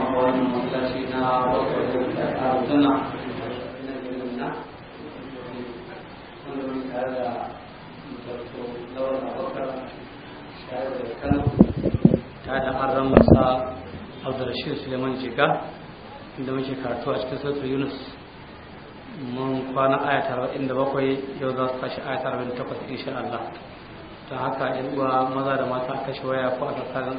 وقول مستشفينا وقل أرضنا ta da haram masa abdurrashid suleiman jika inda muke karatu a cikin sautar yunus mun kwana inda bakwai yau za su tashi ayat 48 insha Allah ta haka yan uwa maza da mata a kashe waya ko a tsakanin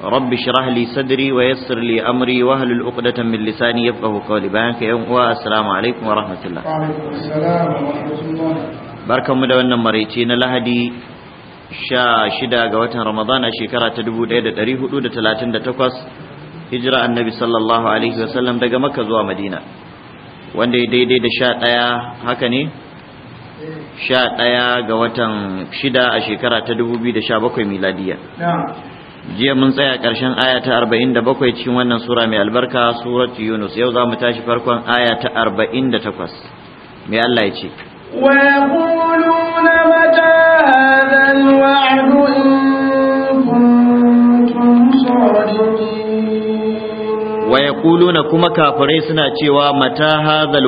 rabbi shrah li sadri wa yassir li amri wa hlul 'uqdatan min lisani yafqahu qawli bayan ka yan uwa assalamu alaikum wa rahmatullah barkanmu da wannan maraice na lahadi sha shida ga watan ramadana shekara ta dubu ɗaya da ɗari hudu da talatin da takwas hijira annabi sallallahu alaihi wa sallam daga makka zuwa madina wanda ya daidai da sha ɗaya haka ne sha ɗaya ga watan shida a shekara ta dubu biyu da sha bakwai miladiya jiya mun tsaya ƙarshen aya ta bakwai cikin wannan sura mai albarka surat yunus yau za mu tashi farkon aya ta takwas. mai Allah ya ce waya متى هذا الوعد إن cewa mata hadha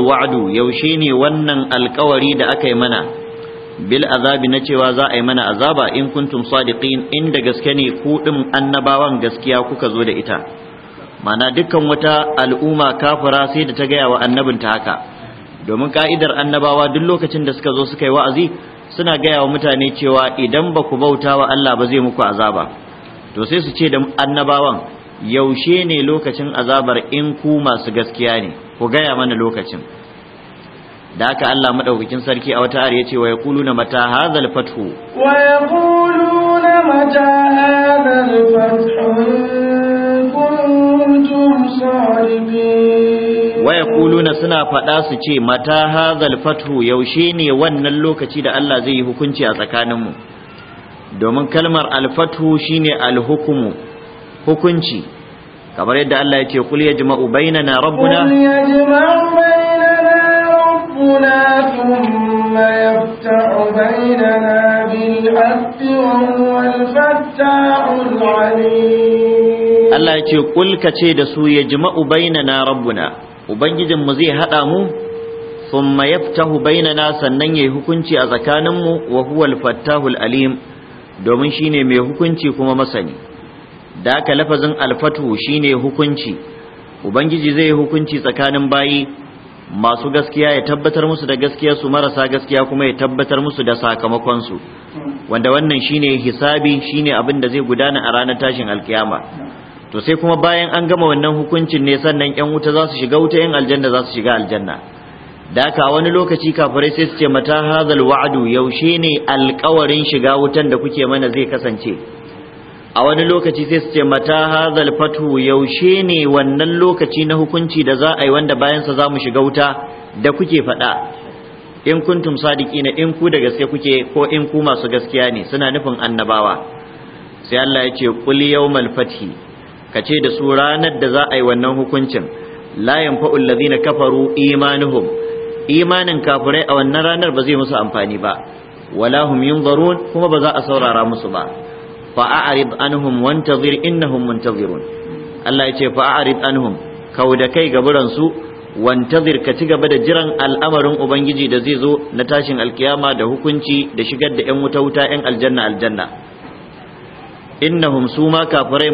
yaushe ne wannan alkawari da aka yi mana bil azabi na cewa za a yi mana azaba in kuntum sadiqin inda gaske ne ku din annabawan gaskiya kuka zo da ita mana dukkan wata al'umma kafira sai da ta gaya wa annabin ta haka domin ka'idar annabawa duk lokacin da suka zo suka yi wa'azi suna gaya wa mutane cewa idan ba ku bauta wa Allah ba zai muku azaba to sai su ce da annabawan yaushe ne lokacin azabar in ku masu gaskiya ne ku gaya mana lokacin da aka Allah madaukakin sarki a wata ariya ce wa yaquluna mata hadzal fathu wa yaquluna mata hadzal fathu suna fada su ce mata hadzal fathu yaushe ne wannan lokaci da Allah zai yi hukunci a tsakaninmu domin kalmar al-fathu shine al hukunci kamar yadda Allah ya ce kul yajma'u bainana rabbuna kul yajma'u ربنا ثم يفتح بيننا بالحق وهو الفتاح العليم الله يتي قل كتي دسو يجمع بيننا ربنا وبنجد zai هدامو ثم يفتح بيننا سنن yayi hukunci a tsakaninmu wa huwal fattahul alim domin shine mai hukunci kuma masani da aka lafazin alfatu shine hukunci ubangiji zai hukunci tsakanin bayi masu gaskiya ya tabbatar musu da gaskiya su marasa gaskiya kuma ya tabbatar musu da sakamakonsu wanda wannan shine hisabi shine abin da zai gudana a ranar tashin alkiyama to sai kuma bayan an gama wannan hukuncin ne sannan yan wuta za su shiga wuta yan aljanna za su shiga aljanna da haka wani lokaci kafirai sai su ce mata hazal wa'adu yaushe ne alkawarin shiga wutan da kuke mana zai kasance a wani lokaci sai su ce mata hazal fatu yaushe ne wannan lokaci na hukunci da za a yi wanda bayansa za mu shiga wuta da kuke faɗa in kuntum sadiki na in ku da gaske kuke ko in ku masu gaskiya ne suna nufin annabawa sai Allah ya ce qul yawmal fathi kace da su ranar da za a yi wannan hukuncin la yanfa'u allazina kafaru imanuhum imanin kafirai a wannan ranar ba zai musu amfani ba wala hum yunzarun kuma ba za a saurara musu ba fa'arid anhum wantazir innahum muntazirun Allah ya ce kawo da kai gaburan su wantazir ka ci gaba da jiran al'amarin ubangiji da zai zo na tashin alkiyama da hukunci da shigar da 'yan wuta wuta 'yan aljanna aljanna innahum su ma kafirai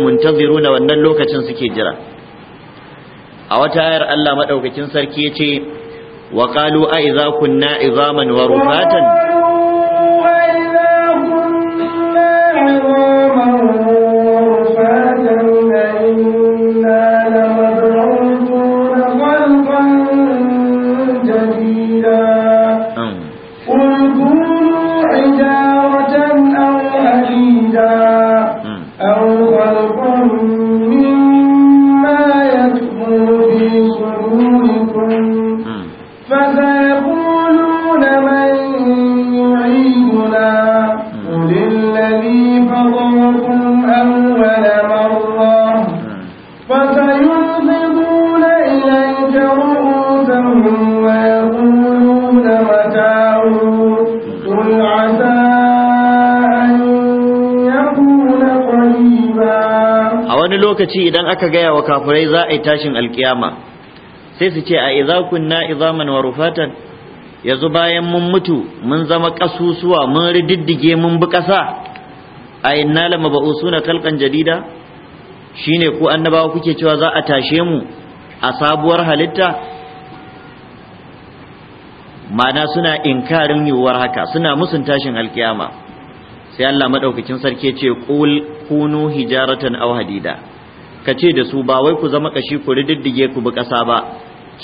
na wannan lokacin suke jira a wata ayar Allah maɗaukacin sarki ya ce wa qalu a idza kunna izaman wa rufatan lokaci idan aka gaya wa kafirai za a yi tashin alkiyama sai su ce a iza kunna izaman wa rufatan yanzu bayan mun mutu mun zama kasusuwa mun rididdige mun bi kasa a inna lama ba'usuna kalkan jadida shine ku annabawa kuke cewa za a tashe mu a sabuwar halitta ma'ana suna inkarin yiwuwar haka suna musun tashin alkiyama sai Allah madaukakin sarki ce qul kunu hijaratan aw hadida ka ce da su ba wai ku zama kashi ku riddige ku bi ƙasa ba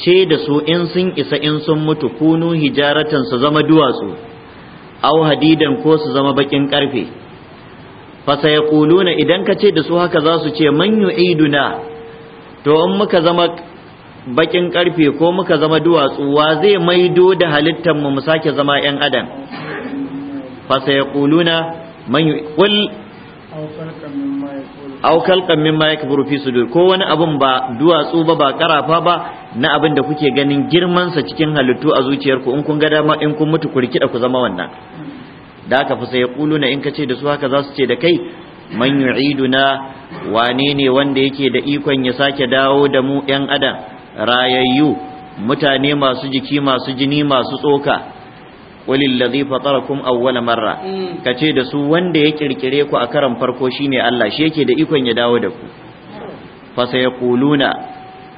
ce da su in sun isa in sun mutu kunu hijaratan su zama duwatsu aw hadidan ko su zama bakin karfe fa sayaquluna idan ka ce da su haka za su ce man yu'iduna to in muka zama bakin karfe ko muka zama duwatsu wa zai maido da halittar mu mu sake zama yan adam fa sayaquluna man yu'id aw min ma yakburu fi sudur ko wani abun ba duwatsu ba ba karafa ba na abin da kuke ganin girmansa cikin halittu a zuciyarku in kun ga dama in kun mutu ku rikida ku zama wannan da aka fa sai na in ka ce da su haka za su ce da kai man yu'iduna wane ne wanda yake da ikon ya sake dawo da mu yan adam rayayyu mutane masu jiki masu jini masu tsoka walilladhi fatarakum awwala marra mm. kace da su wanda ya kirkire ku a karan farko shine Allah shi yake da ikon ya dawo da ku fa sayquluna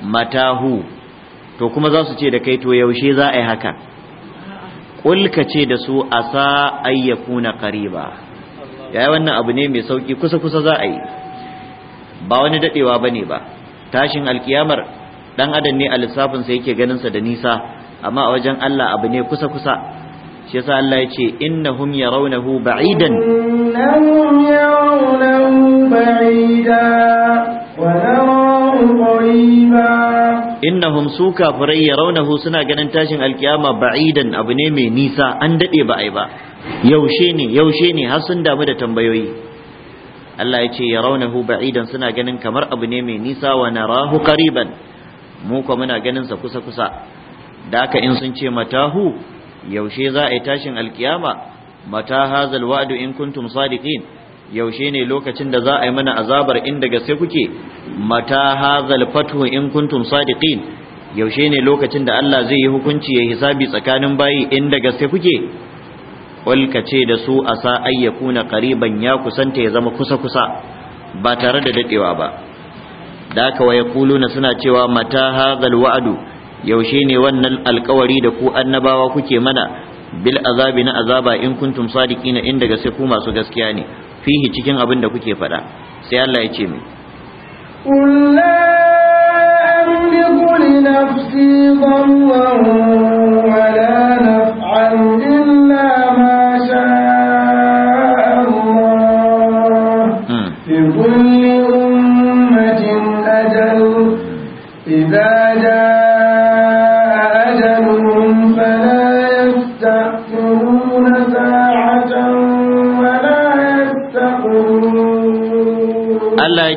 matahu to kuma za su ce da kai to yaushe za a yi haka kul kace da su asa ayyakuna qariba yayi wannan abu ne mai sauki kusa kusa za a yi ba wani dadewa bane ba tashin alkiyamar dan adam ne a lissafin sa yake ganin sa da nisa amma a wajen Allah abu ne kusa kusa shi yasa Allah ya ce innahum yarawnahu ba'idan innahum yarawnahu ba'ida wa narahu qariba innahum su kafirai yarawnahu suna ganin tashin alkiyama ba'idan abu ne mai nisa an dade ba ai ba yaushe ne yaushe ne har sun damu da tambayoyi Allah ya ce yarawnahu ba'idan suna ganin kamar abu ne mai nisa wa narahu qariban mu ko muna ganin sa kusa kusa da haka in sun ce matahu yaushe za a yi tashin alkiyama mata hazal wa'du in kuntum sadiqin yaushe ne lokacin da za a yi mana azabar in gaske kuke mata hazal fathu in kuntum sadiqin yaushe ne lokacin da Allah zai yi hukunci ya hisabi tsakanin bayi in da gaske kuke walka ce da su a sa ayyakuna qariban ya kusanta ya zama kusa kusa ba tare da dadewa ba da aka waya kuluna suna cewa mata hazal wa'du yaushe ne wannan alkawari da ku annabawa kuke mana bil azabi na azaba in kuntum sadiqina in daga sai ku masu gaskiya ne fihi cikin abin da kuke faɗa sai Allah ya ce mai kullu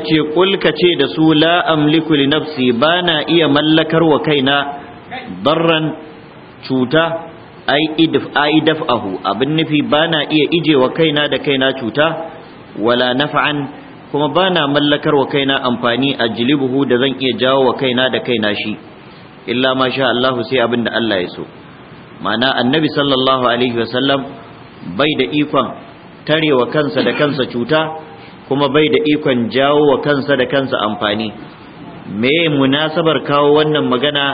Allah ce kulka ce da su la amliku li nafsi na iya mallakar wa kaina darran cuta ai idf ai daf'ahu abin nufi bana iya ije wa kaina da kaina cuta wala naf'an kuma bana mallakar wa kaina amfani a jilibuhu da zan iya jawo wa kaina da kaina shi illa ma sha Allah sai abin da Allah ya so ma'ana annabi sallallahu alaihi wasallam bai da ikon tarewa kansa da kansa cuta kuma bai da ikon jawo wa kansa da kansa amfani me munasabar kawo wannan magana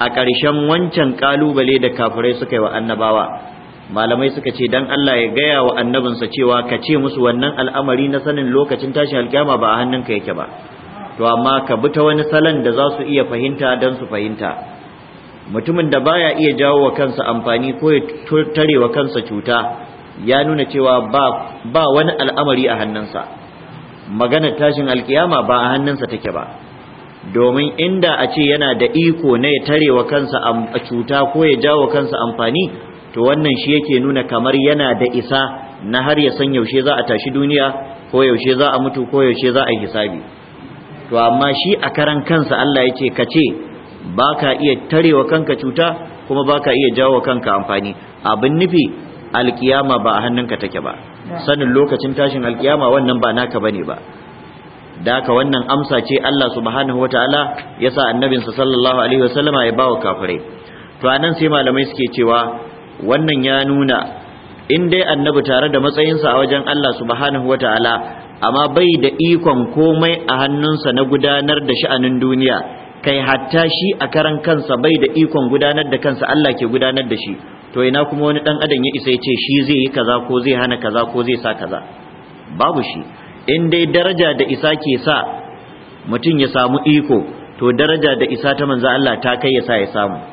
a ƙarshen wancan ƙalubale da kafirai suka yi wa annabawa malamai suka ce dan Allah ya gaya wa annabinsa cewa ka ce musu wannan al'amari na sanin lokacin tashin alƙiyama ba a hannunka yake ba to amma ka bi ta wani salon da za su iya fahimta don su fahimta mutumin da baya iya jawo wa kansa amfani ko ya tare wa kansa cuta ya nuna cewa ba wani al'amari a hannunsa maganar tashin alkiyama ba a hannunsa take ba domin inda a ce yana da iko na ya tare wa kansa a cuta ko ya jawo kansa amfani to wannan shi yake nuna kamar yana da isa na har ya san yaushe za a tashi duniya ko yaushe za a mutu ko yaushe za a yi hisabi to amma shi a karan kansa Allah ya ce ka ce ba ka iya wa kanka cuta kuma ba ka iya jawo kanka amfani abin nufi alkiyama ba a hannunka take ba sanin lokacin tashin alkiyama wannan ba naka bane ba daka wannan amsa ce Allah subhanahu wataala annabin sa sallallahu alaihi wasallama ya bawa kafirai to anan sai malamai suke cewa wannan ya nuna in dai annabi tare da matsayinsa a wajen Allah subhanahu wataala amma bai da ikon komai a hannunsa na gudanar da sha'anin duniya kai hatta shi a karan kansa bai da ikon gudanar da kansa Allah ke gudanar da shi to ina kuma wani dan adam ya isa ya ce shi zai yi kaza ko zai hana kaza ko zai sa kaza babu shi in dai daraja da isa ke sa mutum ya samu iko to daraja da isa ta manzo Allah ta kai ya sa ya samu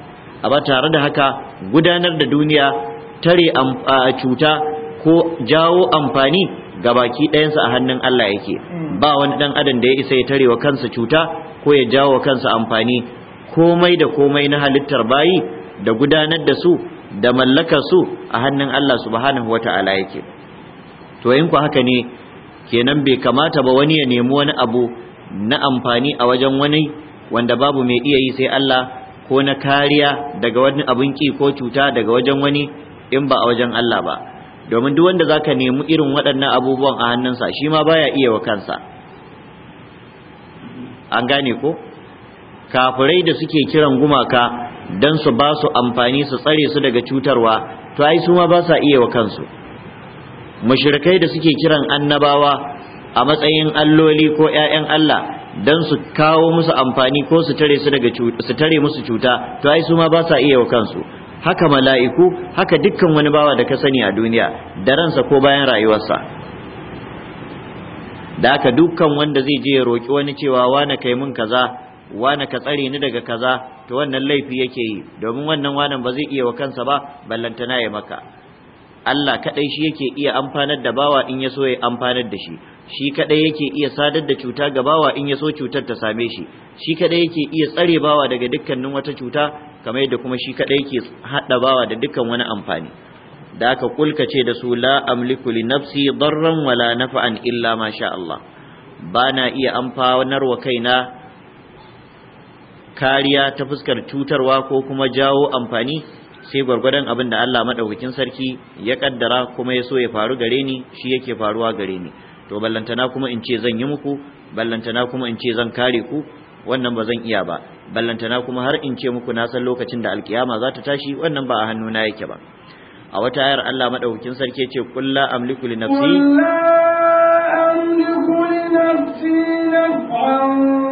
A ba tare da haka gudanar da duniya tare cuta ko jawo amfani ga baki ɗayansa a hannun Allah yake mm. ba wani ɗan adam da ya isa ya tarewa kansa cuta ko ya jawo kansa amfani komai da komai na halittar bayi da gudanar da su da mallaka su a hannun Allah subhanahu wata'ala yake to yin ku haka ne kenan bai kamata ba wani ya nemi wani abu na amfani a wajen wani wanda babu mai iya yi sai Allah ko na kariya daga wani abin ki ko cuta daga wajen wani in ba a wajen Allah ba domin duk wanda za ka nemi irin waɗannan abubuwan a hannunsa shi ma baya iya wa kansa an gane ko kafirai da suke kiran gumaka don su ba su amfani su tsare su daga cutarwa to ai su ma ba sa iya wa kansu mushrikai da suke kiran annabawa a matsayin alloli ko 'ya'yan Allah don su kawo musu amfani ko su tare su daga su tare musu cuta to ai su ma ba sa iya wa kansu haka mala'iku haka dukkan wani bawa da ka sani a duniya da ransa ko bayan rayuwarsa da haka dukkan wanda zai je ya roki wani cewa wani kai mun kaza wane ka tsare ni daga kaza to wannan laifi yake yi domin wannan wanan ba zai iya wa kansa ba ballantana ya maka Allah kadai shi yake iya amfanar da bawa in ya so ya amfanar da shi shi kadai yake iya sadar da cuta ga bawa in ya so cutar ta same shi shi kadai yake iya tsare bawa daga dukkanin wata cuta kamar yadda kuma shi kadai yake hada bawa da dukkan wani amfani da aka kulka ce da su la amliku li nafsi darran wala nafa'an illa ma sha Allah bana iya amfanar wa kaina kariya ta fuskar cutarwa ko kuma jawo amfani sai gwargwadon abin da Allah Maɗaukakin sarki ya ƙaddara kuma ya so ya faru gare ni shi yake faruwa gare ni to ballantana kuma in ce zan yi muku ballantana kuma in ce zan kare ku wannan ba zan iya ba ballantana kuma har in ce muku na san lokacin da alkiyama za ta tashi wannan ba a hannu hannuna yake ba a wata ayar Allah maɗaukakin sarki ya ce kulla amliku li nafsi amliku li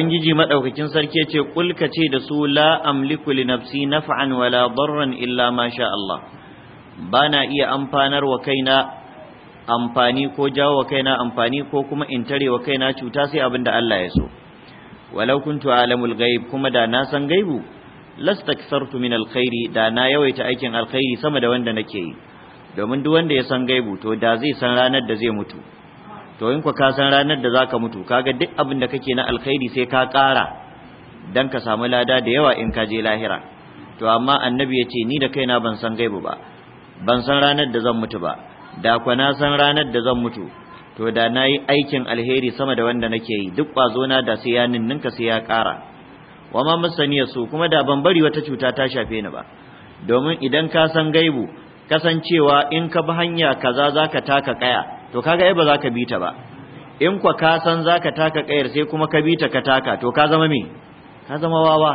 ubangiji madaukakin sarki ce kul ce da su la amliku li nafsi naf'an wala darran illa ma sha Allah bana iya amfanar wa kaina amfani ko jawo wa kaina amfani ko kuma in tare wa kaina cuta sai abin da Allah ya so walau kuntu alamul ghaib kuma da na san gaibu lastaksartu min alkhairi da na yawaita aikin alkhairi sama da wanda nake yi domin duk wanda ya san gaibu to da zai san ranar da zai mutu to in ku ka san ranar da zaka mutu kaga duk abin da kake na alkhairi sai ka kara dan ka samu lada da yawa in ka je lahira to amma annabi ya ce ni da kaina ban san gaibu ba ban san ranar da zan mutu ba da kwa na san ranar da zan mutu to da nayi aikin alheri sama da wanda nake yi duk na da sai ya ka sai ya ƙara wa ma masaniya su kuma da ban bari wata cuta ta shafe ni ba domin idan ka san gaibu kasancewa in ka bi hanya kaza zaka taka kaya to kaga ai ba za ka bi ta ba in kwa ka san za ka taka kayar sai kuma ka bi ta ka taka to ka zama me ka zama wawa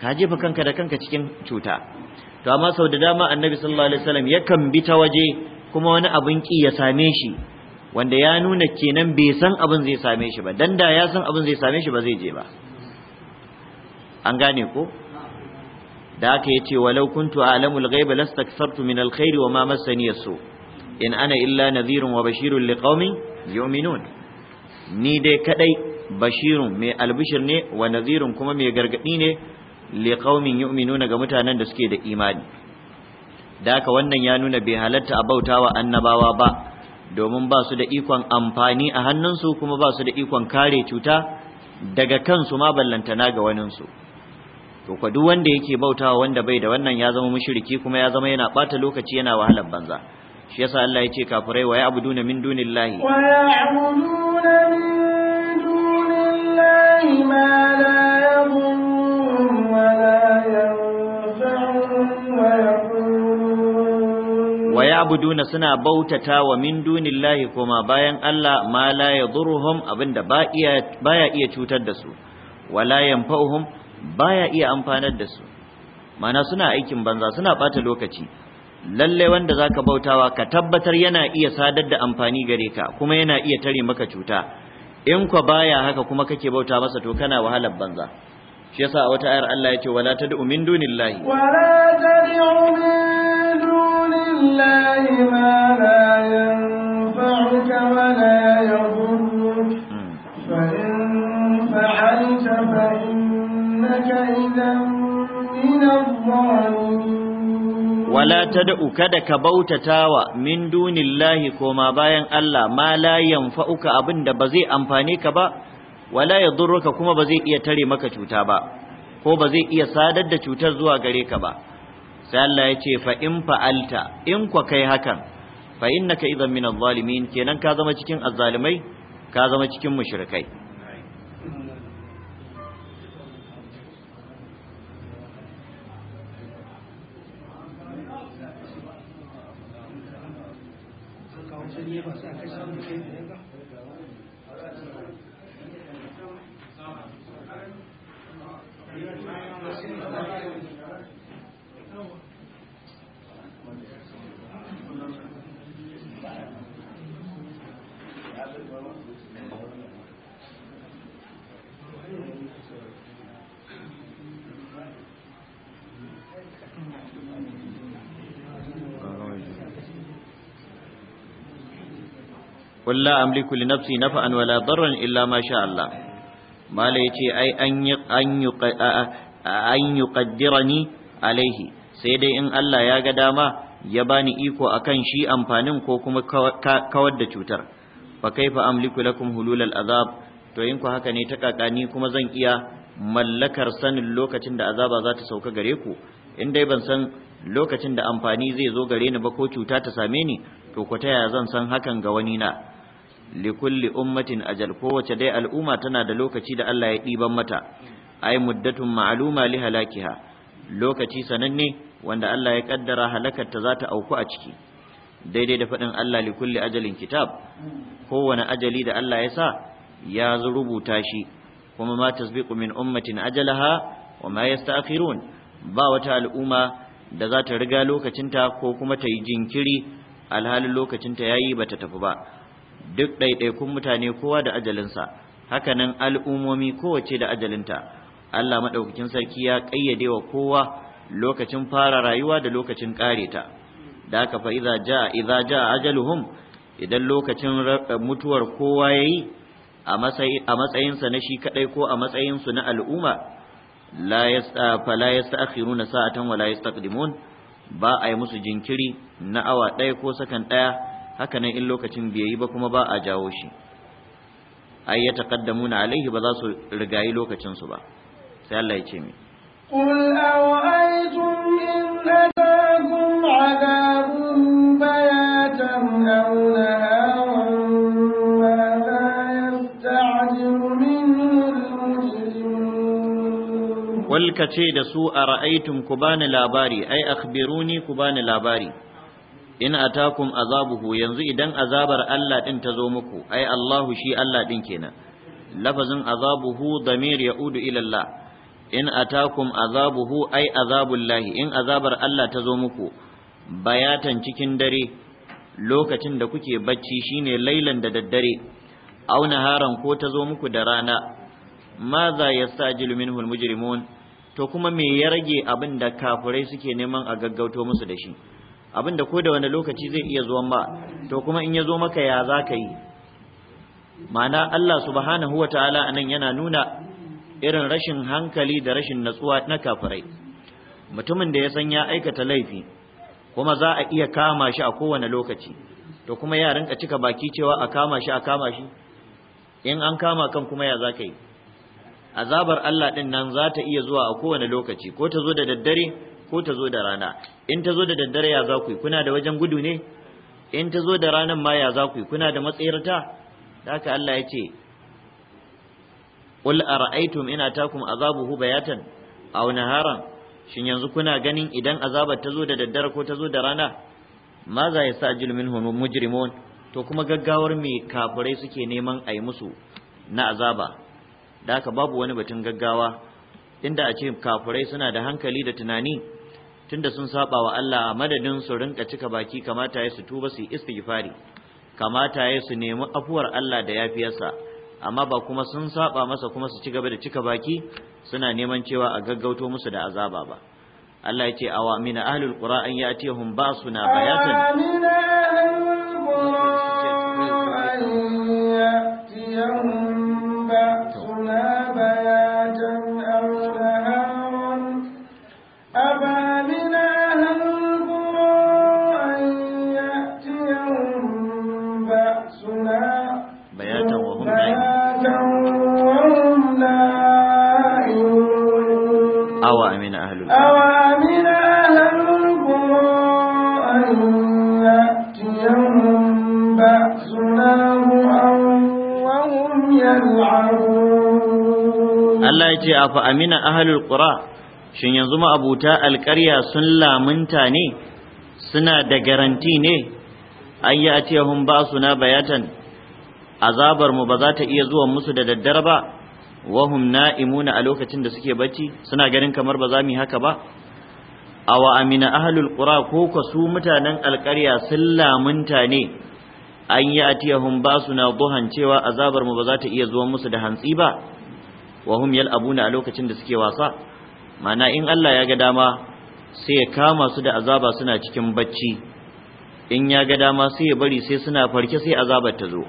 ka jefa kanka da kanka cikin cuta to amma sau da dama annabi sallallahu alaihi wasallam yakan bi ta waje kuma wani abin ki ya same shi wanda ya nuna kenan bai san abin zai same shi ba dan da ya san abin zai same shi ba zai je ba an gane ko da haka yace walau kuntu a'lamul ghaiba lastakthartu min alkhairi wa ma massani yasu' in ana illa nadhirun wa bashirun liqaumin yu'minun ni dai kadai bashirun mai albishir ne wa nadhirun kuma mai gargadi ne liqaumin yu'minun ga mutanen da suke da imani da ka wannan ya nuna bai halatta a bautawa annabawa ba domin ba su da ikon amfani a hannunsu kuma ba su da ikon kare cuta daga kansu ma ballantana ga waninsu to kwa duk wanda yake bautawa wanda bai da wannan ya zama mushriki kuma ya zama yana bata lokaci yana wahalar banza shi yasa Allah ya ce kafirai wa ya min dunillahi min dunin lahi wa ya yanfa'uhum wa suna bautata wa min dunin lahi, kuma bayan Allah ma la ya abin abinda ba ya iya cutar da su wala ba ya iya amfanar da su mana suna aikin banza suna bata lokaci lalle wanda zaka bautawa ka tabbatar yana iya sadar da amfani gare ka kuma yana iya tare maka cuta in kwa baya haka kuma kake bauta masa to kana wahalar banza shi yasa a wata ayar Allah yake wala tad'u min dunillahi wala tad'u min dunillahi ma la yanfa'uka wa la yadhurruka fa in fa'alta fa innaka idan min adh wala tad'u kada ka bautatawa min dunillahi koma bayan Allah ma la yanfa'uka abinda ba zai amfane ka ba wala yadurruka kuma ba zai iya tare maka cuta ba ko ba zai iya sadar da cutar zuwa gare ka ba sai Allah ya ce fa in fa'alta in kwa kai hakan fa innaka idan min adh-dhalimin kenan ka zama cikin azzalimai ka zama cikin mushrikai Kulla la amliku li nafsi naf'an wala darran illa ma sha Allah mala yace ai an yi an yi an alaihi sai dai in Allah ya ga dama ya bani iko akan shi amfanin ko kuma kawar da cutar fa kaifa amliku lakum azab to in ku haka ne ta kakani kuma zan iya mallakar sanin lokacin da azaba za ta sauka gare ku in dai ban san lokacin da amfani zai zo gare ni ba ko cuta ta same ni to ku ta zan san hakan ga wani na likulli ummatin ajal kowace dai al'umma tana da lokaci da Allah ya ɗiban mata ai muddatun ma'aluma li halakiha lokaci sananne wanda Allah ya kaddara halakar ta za ta auku a ciki daidai da faɗin Allah likulli ajalin kitab kowane ajali da Allah ya sa ya rubuta shi kuma ma tasbiqu min ummatin ajalaha wa ma yasta'khirun ba wata al'umma da za ta riga lokacinta ko kuma ta yi jinkiri alhalin lokacinta yayi bata tafi ba duk ɗaiɗaikun mutane kowa da ajalinsa hakanan al'ummomi kowace da ajalinta Allah maɗaukakin sarki ya ƙayyade wa kowa lokacin fara rayuwa da lokacin ƙare ta da aka fa idza jaa idza ajaluhum idan lokacin eh, mutuwar kowa yayi a matsayin a matsayinsa na shi kaɗai ko a matsayin su na al'umma la yasta la yasta'khiruna sa'atan wa la yastaqdimun ba a yi musu jinkiri na awa ɗaya ko sakan ɗaya haka nan in lokacin bai yi ba kuma ba a jawo shi ai ya taqaddamu alaihi ba za su rigayi lokacin su ba sai Allah ya ce mi qul aw aitum in lakum adabun bayatan law walkace da su a ra'aitun ku bani labari ai akhbiruni ku bani labari in atakum azabuhu yanzu idan azabar Allah din ta zo muku ai Allahu shi Allah din kenan lafazin azabuhu damir yaudu ila Allah in atakum azabuhu ai azabullahi in azabar Allah ta zo muku bayatan cikin dare lokacin da kuke bacci shine lailan da daddare aw naharan ko ta zo muku da rana maza yastajilu minhu almujrimun to kuma me ya rage abin da kafirai suke neman a gaggauto musu da shi abinda ko da wani lokaci zai iya zuwan ba, to kuma in ya zo maka ya za ka yi ma'ana Allah subhanahu wa ta'ala anan yana nuna irin rashin hankali da rashin natsuwa na kafirai mutumin da ya san ya aikata laifi kuma za a iya kama shi a kowane lokaci to kuma ya rinka cika baki cewa a kama shi a kama shi in an kama kan kuma ya za ka yi azabar Allah ɗin nan za ta iya zuwa a kowane lokaci ko ta zo da daddare ko ta zo da rana in ta zo da daddare ya za ku yi kuna da wajen gudu ne in ta zo da ranan ma ya za ku yi kuna da matsayarta haka Allah ya ce qul ara'aytum in atakum azabuhu bayatan aw naharan shin yanzu kuna ganin idan azabar ta zo da daddare ko ta zo da rana ma za ya sajil minhum mujrimun to kuma gaggawar me kafirai suke neman a musu na azaba da haka babu wani batun gaggawa inda a ce kafirai suna da hankali da tunani tunda sun saba wa Allah a madadin su rinka cika baki kamata ya su tuba su istighfari kamata ya su nemi afuwar Allah da yafiyarsa amma ba kuma sun saba masa kuma su ci gaba da cika baki suna neman cewa a gaggauto musu da azaba ba Allah yake awamina ahlul qura ya'tihum ba'suna bayatan ce fa amina ahlul qura shin yanzu ma abuta alƙarya sun lamunta ne suna da garanti ne an yi atiyahum ba na bayatan azabar mu ba za ta iya zuwa musu da daddare ba wahum na'imuna a lokacin da suke bacci suna ganin kamar ba za mu yi haka ba awa amina ahlul qura ko ko su mutanen alƙarya sun lamunta ne an yi atiyahum ba na buhan cewa azabar mu ba za ta iya zuwa musu da hantsi ba wa hum yal'abuna a lokacin da suke wasa mana in Allah ya ga dama sai ya kama su da azaba suna cikin bacci in ya ga dama sai ya bari sai suna farke sai azabar ta zo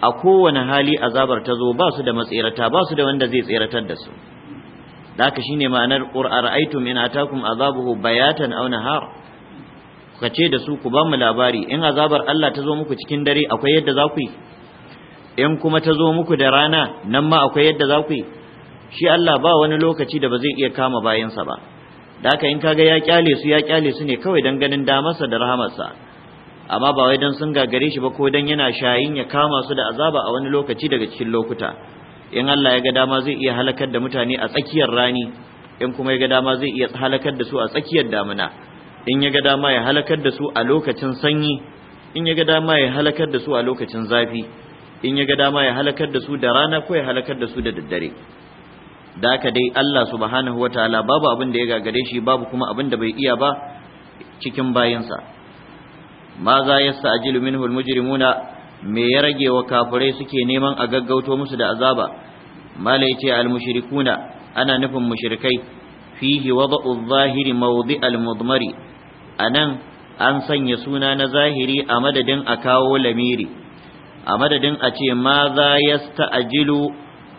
a kowane hali azabar ta zo ba su da matsirata ba su da wanda zai tsiratar da su da shine ma'anar qur'ar aitum in atakum azabuhu bayatan aw nahar ka ce da su ku ba mu labari in azabar Allah ta zo muku cikin dare akwai yadda za ku yi in kuma ta zo muku da rana nan ma akwai yadda za ku yi shi Allah ba wani lokaci da ba zai iya kama bayansa ba da haka in kaga ya kyale su ya kyale su ne kawai dan ganin damarsa da rahamarsa amma ba wai dan sun gare shi ba ko dan yana shayin ya kama su da azaba a wani lokaci daga cikin lokuta in Allah ya ga dama zai iya halakar da mutane a tsakiyar rani in kuma ya ga dama zai iya halakar da su a tsakiyar damina in ya ga dama ya halakar da su a lokacin sanyi in ya ga dama ya halakar da su a lokacin zafi in ya ga dama ya halakar da su da rana ko ya halakar da su da daddare da aka dai Allah subhanahu ta'ala babu abin da ya gagare shi babu kuma abin da bai iya ba cikin bayansa ma za yasta'jilu minhu almujrimuna me ya rage wa kafirai suke neman a gaggauto musu da azaba mala yace almushrikuna ana nufin mushrikai fihi wada'u zahiri mawdi almudmari anan an sanya suna na zahiri a madadin a kawo lamiri a madadin a ce ma za yasta'jilu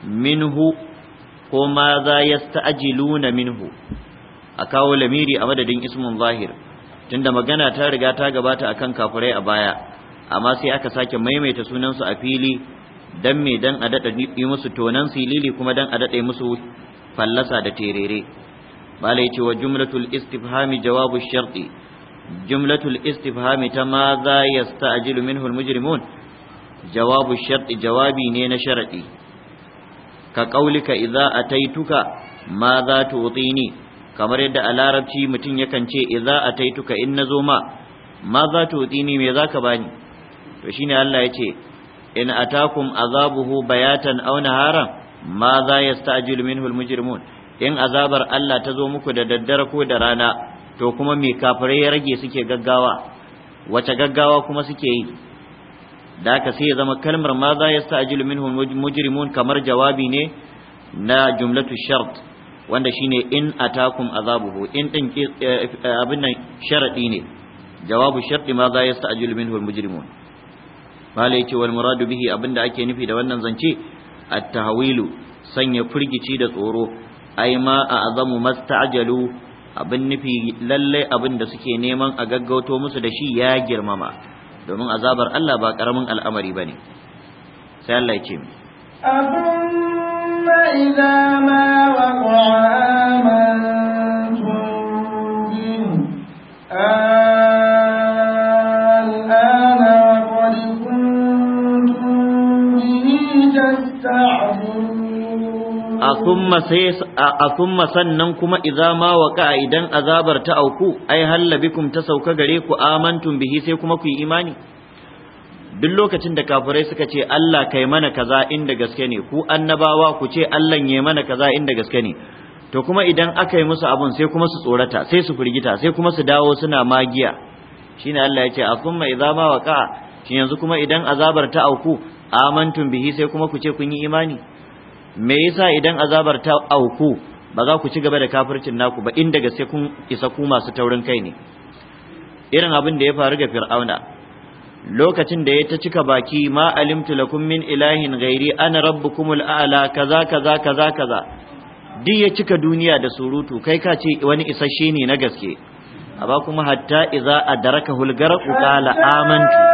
minhu ko ma za ya yasta'jiluna minhu a kawo lamiri a madadin ismun zahir tunda magana ta riga ta gabata akan kafurai a baya amma sai aka sake maimaita sunansu a fili dan me dan a dada yi musu tonan silili kuma dan a dada musu fallasa da terere bala laice wa jumlatul istifhami jawabu sharti jumlatul istifhami ta ma za sta'ajilu minhu mujrimun jawabu sharti jawabi ne na sharadi ka qaulika idza ataituka ma za utini kamar yadda a larabci mutum yakan ce idza ataituka in nazo ma ma za utini me za zaka bani to shine Allah ya ce in atakum azabuhu bayatan aw nahara ma za yasta'jilu minhu almujrimun in azabar Allah ta zo muku da daddare ko da rana to kuma me kafirai ya rage suke gaggawa wace gaggawa kuma suke yi da haka sai ya zama kalmar ma za ya sa sta'jilu minhum mujrimun kamar jawabi ne na jumlatu shart wanda shine in atakum azabuhu in din eh, eh, abin nan sharadi ne jawabu sharti ma za ya sa sta'jilu minhu almujrimun bala yace wal muradu bihi abinda ake nufi da wannan zance at-tahwilu sanya furgici da tsoro ai ma a azamu masta'jalu abin nufi lalle abin da suke neman a gaggauto musu da shi ya girmama domin azabar Allah ba karamin al'amari bane sai Allah ya ce mu ma'iza ma wa وقع thumma sannan kuma idza ma waqa idan azabar ta auku ai hallabikum ta sauka gare ku amantum bihi sai kuma ku yi imani duk lokacin da kafirai suka ce Allah kai mana kaza inda gaske ne ku annabawa ku ce Allah ya mana kaza inda gaske ne to kuma idan aka yi musu abun sai kuma su tsorata sai su firgita sai kuma su dawo suna magiya shine Allah ya ce thumma idza ma waqa shi yanzu kuma idan azabar ta auku amantum bihi sai kuma ku ce kun yi imani me yasa idan azabar ta auku ba za ku ci gaba da kafircin naku ba inda gaske kun isa ku masu taurin kai ne irin abin da ya faru ga fir'auna lokacin da ya ta cika baki ma alimtu lakum min ilahin ghairi ana rabbukumul a'la kaza kaza kaza kaza duk ya cika duniya da surutu kai ka ce wani isasshe ne na gaske amma kuma hatta idza adraka hulgar qala amantu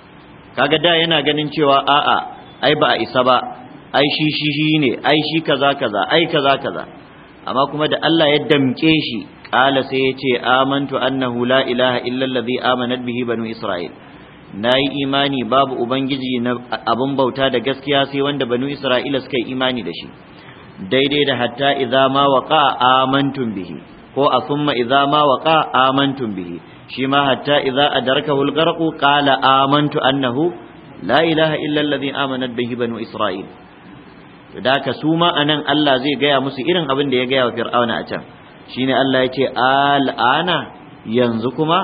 kaga da yana ganin cewa a'a ai ba a isa ba ai shi shi shi ne ai shi kaza kaza ai kaza kaza amma kuma da Allah ya damke shi kala sai ya ce amantu annahu la ilaha illa allazi amanat bihi banu isra'il nayi imani babu ubangiji na abin bauta da gaskiya sai wanda banu isra'ila suka yi imani da shi daidai da hatta idza ma waqa amantum bihi ko a summa idza ma waqa amantum bihi shi ma hatta idza a al-gharqu qala amantu annahu la ilaha illa alladhi amanat bihi banu isra'il to da ka su ma anan Allah zai gaya musu irin abin da ya gaya wa fir'auna a can shine Allah ya ce al'ana yanzu kuma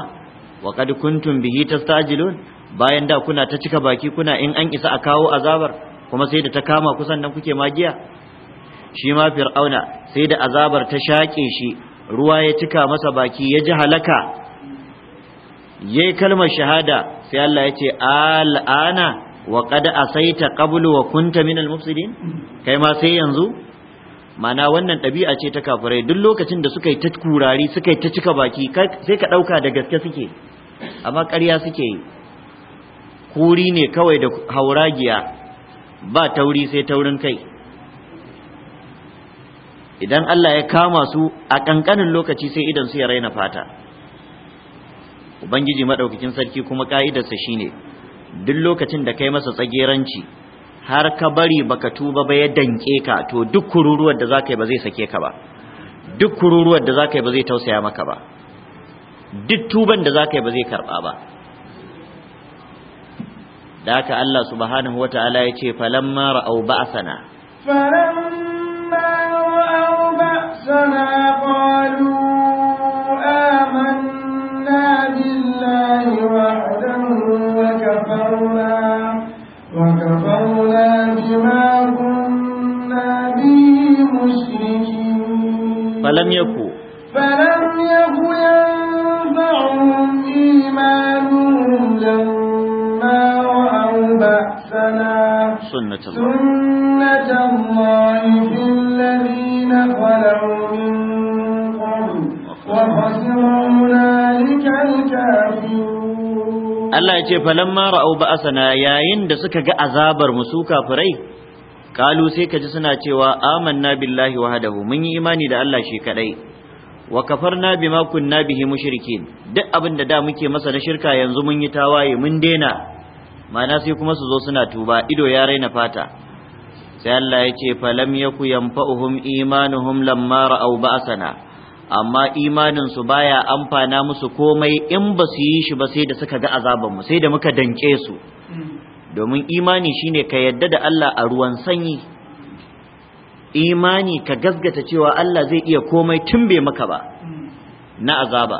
wa qad kuntum bihi tastajilun bayan da kuna ta cika baki kuna in an isa a kawo azabar kuma sai da ta kama kusan nan kuke magiya shi ma fir'auna sai da azabar ta shaƙe shi ruwa ya cika masa baki ya ji halaka yayi kalmar shahada sai Allah ya ce al'ana wa qad asaita qablu wa kunta minal mufsidin kai ma sai yanzu mana wannan ɗabi'a ce ta kafirai duk lokacin da suka yi ta kurari suka yi ta cika baki sai ka ɗauka da gaske suke amma ƙarya suke yi kuri ne kawai da hauragiya ba tauri sai taurin kai idan Allah ya kama su a ƙanƙanin lokaci sai idan su ya raina fata ubangiji maɗaukakin sarki kuma ƙa'idarsa shi ne, duk lokacin da kai masa tsageranci har ka bari baka tuba ba ya danke ka to duk kururuwar da ka yi ba zai sake ka ba duk kururuwar da ka yi ba zai tausaya maka ba duk tuban da ka yi ba zai karɓa ba da haka Allah subhanahu wataala ya ce falamma ra'au falamma ra'au فلم yaku فلم yaku ينفعهم إيمانهم لما رأوا بأسنا سنة الله سنة الله في الذين خلعوا Allah ya ce falamma ra'aw ba’asana yayin da suka ga azabar musu kafirai kalu sai ka ji suna cewa amanna billahi wahdahu mun yi imani da Allah shi kadai wa kafarna bima kunna bihi mushrikin duk abin da da muke masa na shirka yanzu mun yi tawaye mun dena Mana sai kuma su zo suna tuba ido ya raina fata sai Allah ya ce falam yaku yanfa'uhum imanuhum lamma ra'aw ba'sana amma imanin su baya amfana musu komai in basu yi shi ba sai da suka ga azaban mu sai da muka danke su hmm. domin imani shine ka yadda da Allah a ruwan sanyi imani ka gasgata cewa Allah zai iya komai tun bai maka ba na azaba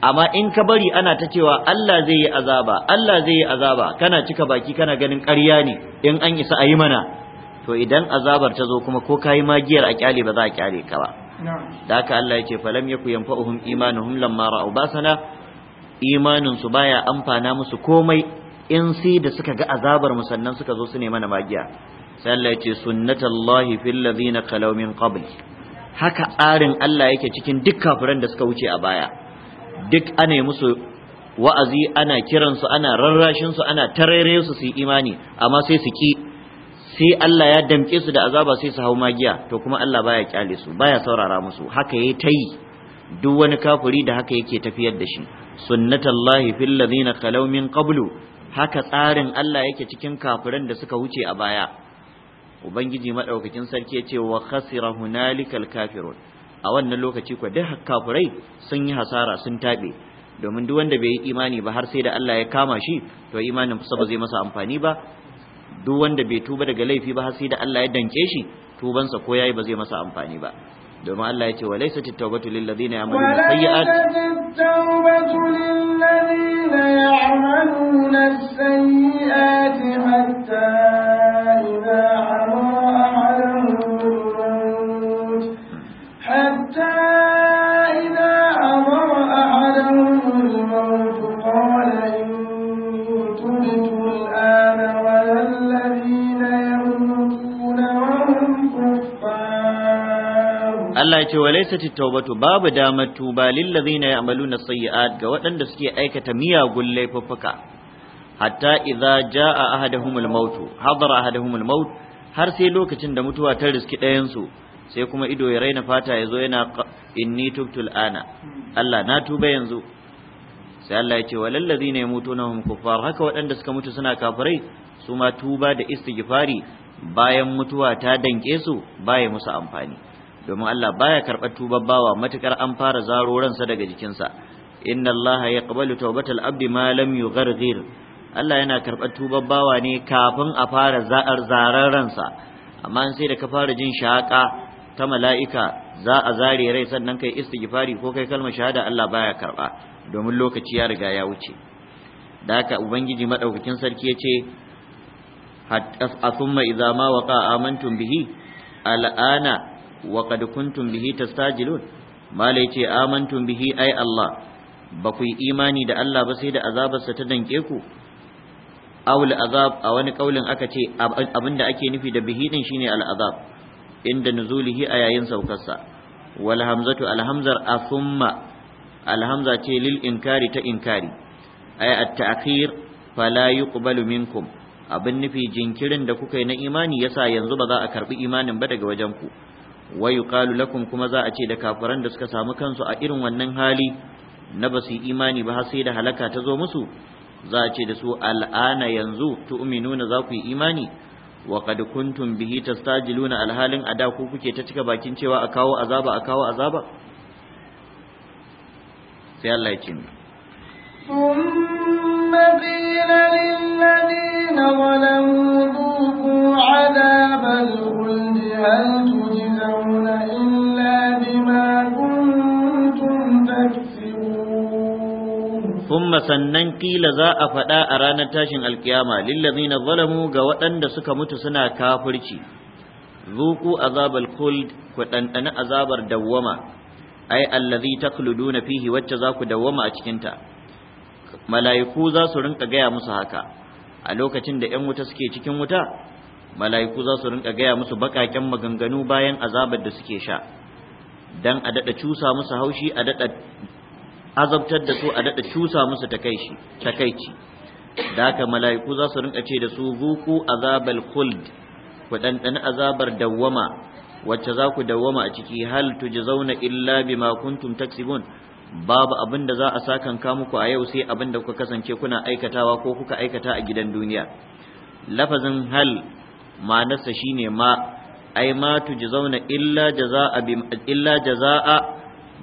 amma in ka bari ana ta cewa Allah zai yi azaba Allah zai yi azaba kana cika baki kana ganin ƙarya ne in an isa a yi mana to idan azabar ta zo kuma ko kayi magiyar a kyale ba za a kyale ka ba da haka Allah yake falam yaku yanfa'uhum imanuhum lamma ra'u basana imanin su baya amfana musu komai in si da suka ga azabar mu sannan suka zo su ne mana magiya sai Allah ya ce sunnatullahi fil ladina khalaw min qabl haka tsarin Allah yake cikin duk kafiran da suka wuce a baya duk ana musu wa'azi ana kiransu ana rarrashin su ana tarere su su imani amma sai su ki sai Allah ya damke su da azaba sai su hau magiya to kuma Allah baya kyale su baya saurara musu haka yayi tayi duk wani kafiri da haka yake tafiyar da shi sunnatullahi fil ladina khalaw min qablu haka tsarin Allah yake cikin kafiran da suka wuce a baya ubangiji madaukakin sarki yace wa khasira hunalikal kafirun a wannan lokaci ko duk kafirai sun yi hasara sun tabe domin duk wanda bai yi imani ba har sai da Allah ya kama shi to imanin sa ba zai masa amfani ba duk wanda bai tuba daga laifi ba har sai da Allah ya danke shi tubansa ko yayi ba zai masa amfani ba domin Allah ya ce wa laysat at-taubatu lil ladina ya'maluna sayyi'at at-taubatu lil ladina ya'maluna sayyi'ati hatta idha Allah ya ce wa laysa tawbatu babu damar tuba lil ladina ya'maluna sayyi'at ga waɗanda suke aikata miyagun laifuffuka hatta idza jaa ahaduhumul maut hadara ahaduhumul maut har sai lokacin da mutuwa ta riski ɗayan su sai kuma ido ya raina fata ya zo yana inni tubtul ana Allah na tuba yanzu sai Allah ya ce lil ladina yamutuna hum kuffar haka waɗanda suka mutu suna kafirai su ma tuba da istighfari bayan mutuwa ta danke su baya musu amfani domin Allah baya karɓar tubar bawa matukar an fara zaro ransa daga jikinsa inna Allah yaqbalu tawbatal abdi ma lam yugharghir Allah yana karɓar tubar bawa ne kafin a fara za'ar zarar ransa amma sai da ka fara jin shaka ta mala'ika za a zare rai sannan kai istighfari ko kai kalmar shahada Allah baya karɓa domin lokaci ya riga ya wuce da haka ubangiji madaukakin sarki yace hatta thumma idza ma waqa amantum bihi al'ana wa qad kuntum bihi tastajilun mala yace amantum bihi ai Allah ba ku yi imani da Allah ba sai da azabarsa ta danke ku awul azab a wani kaulin aka ce abinda ake nufi da bihi din shine al inda nuzulihi a yayin saukarsa wal hamzatu al hamzar afumma al hamza ce lil inkari ta inkari ay at ta'khir fala yuqbalu minkum abin nufi jinkirin da kuka yi na imani yasa yanzu ba za a karbi imanin ba daga wajen ku wa yuqalu lakum kuma za a ce da kafiran da suka samu kansu a irin wannan hali na basu imani ba har sai da halaka ta zo musu za a ce da su al'ana yanzu tu'minuna za ku yi imani wa qad kuntum bihi tastajiluna alhalin ada ku kuke ta cika bakin cewa a kawo azaba a kawo azaba sai Allah ya ce قيل للذين ظلموا ذوقوا عذاب الخلد هل تجزون إلا بما كنتم تكسبون ثم سنن قيل ذا أفدا أرانا تاشن القيامة للذين ظلموا قوتن دسك متسنا كافرشي ذوقوا عذاب الخلد وتنأنا عذاب الدوامة أي الذي تخلدون فيه وجزاك دوامة أجكنتا mala'iku za su rinka gaya musu haka a lokacin da 'yan wuta suke cikin wuta mala'iku za su rinka gaya musu bakaken maganganu bayan azabar da suke sha don a daɗa cusa musu haushi a daɗa azabtar da su a daɗa cusa musu takaici da haka mala'iku za su rinka ce da su zuku azabar kuld ku ɗanɗani azabar dawwama wacce za ku dawwama a ciki hal tujzauna illa bima kuntum taksibun babu abin da za a kanka muku a yau sai abin da kuka kasance kuna aikatawa ko kuka aikata a gidan duniya lafazin hal ma'anarsa shine ma ai ma tujzauna illa jazaa bi illa jazaa